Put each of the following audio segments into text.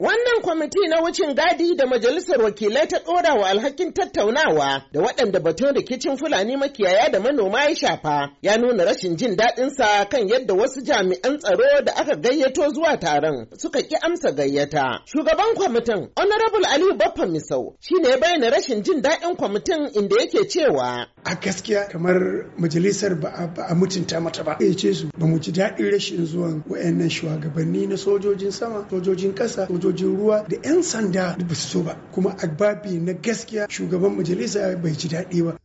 Wannan kwamiti na wucin gadi da majalisar wakilai ta ɗora wa alhakin tattaunawa da waɗanda batun rikicin Fulani makiyaya da manoma ya shafa ya nuna rashin jin daɗinsa kan yadda wasu jami'an tsaro da aka gayyato zuwa taron suka ƙi amsa gayyata. Shugaban kwamitin Honorable Aliyu Baffa Misau shi ne bayyana rashin jin daɗin kwamitin inda yake cewa. A gaskiya kamar majalisar ba a mutunta mata ba. Ya ce su ba mu ji daɗin rashin zuwan wa'annan shugabanni na sojojin sama, sojojin ƙasa, sojojin sojojin ruwa da 'yan sanda ba su so ba kuma agbabi na gaskiya shugaban majalisa bai ji daɗi ba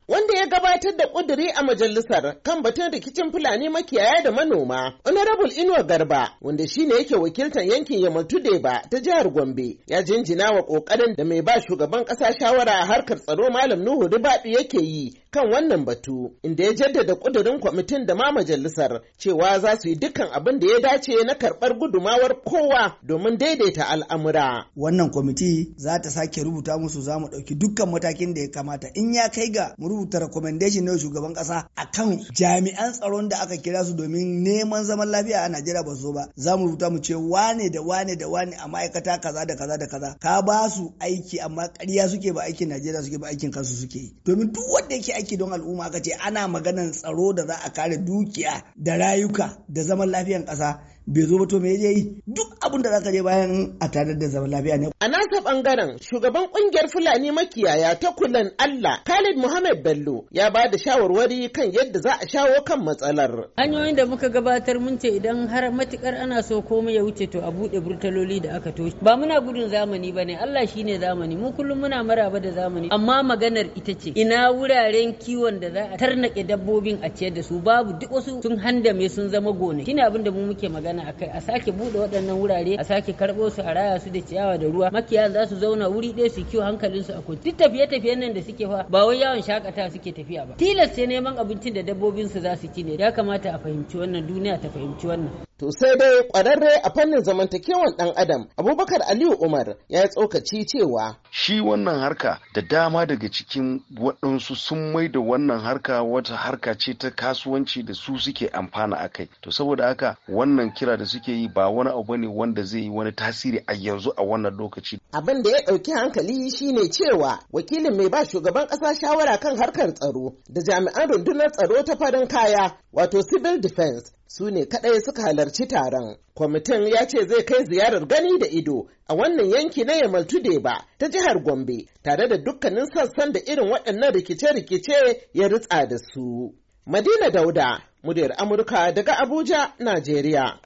ya gabatar da ƙuduri a majalisar kan batun rikicin Fulani makiyaya da manoma. Honorable Inuwa Garba, wanda shine yake wakiltar yankin Yamatudeba ta jihar Gombe, ya jinjina wa ƙoƙarin da mai ba shugaban ƙasa shawara a harkar tsaro Malam Nuhu ribaɗi yake yi kan wannan batu, inda ya jaddada ƙudurin kwamitin da ma majalisar cewa za su yi dukkan abin da ya dace na karɓar gudumawar kowa domin daidaita al'amura. Wannan kwamiti za ta sake rubuta musu za mu ɗauki dukkan matakin da ya kamata in ya kai ga mu rubuta recommendation na shugaban kasa akan jami'an tsaron da aka kira su domin neman zaman lafiya a Najeriya ba zo ba za mu rubuta mu ce wane da wane da wane a ma'aikata kaza da kaza da kaza ka ba su aiki amma ƙarya suke ba aikin Najeriya suke ba aikin kansu suke yi domin duk wanda yake aiki don al'umma aka ce ana maganan tsaro da za a kare dukiya da rayuka da zaman lafiyan kasa bai zo ba to me ya yi duk abin da zaka je bayan a tare da zaman lafiya ne. A nasa bangaren shugaban kungiyar Fulani makiyaya ta kulan Allah Khalid Muhammad Bello ya ba da shawarwari kan yadda za a shawo kan matsalar. Hanyoyin da muka gabatar mun ce idan har matukar ana so komai ya wuce to a buɗe burtaloli da aka toshe. Ba muna gudun zamani ba ne Allah shi ne zamani mu kullum muna maraba da zamani amma maganar ita ce ina wuraren kiwon da za a tarnake dabbobin a ciyar da su babu duk wasu sun handame sun zama gona ne abin da mu muke magana. magana akai a sake bude waɗannan wurare a sake karɓo su a raya su da ciyawa da ruwa makiya za su zauna wuri ɗaya su kiwo hankalinsu a kwanci duk tafiye tafiyen nan da suke fa ba wai yawon shakatawa suke tafiya ba tilas sai neman abincin da dabbobinsu za su ci ne ya kamata a fahimci wannan duniya ta fahimci wannan To sai dai ƙwararre a fannin zamantakewan ɗan adam Abubakar Aliyu Umar ya tsokaci cewa. Shi wannan harka da dama daga cikin waɗansu sun mai da wannan harka wata harka ce ta kasuwanci da su suke amfana a kai. To saboda haka wannan kira da suke yi ba wani abu ne wanda zai yi wani tasiri a yanzu a wannan lokaci. Abin da ya ɗauki hankali shine cewa wakilin mai ba shugaban ƙasa shawara kan harkar tsaro da jami'an rundunar tsaro ta farin kaya wato civil defense su ne kaɗai suka halarci taron. Kwamitin ya ce zai kai ziyarar gani da ido a wannan yanki na Yamal ba ta jihar Gombe tare da dukkanin sassan da irin waɗannan rikice-rikice ya ritsa da su. Madina Dauda, muryar Amurka daga Abuja, Najeriya.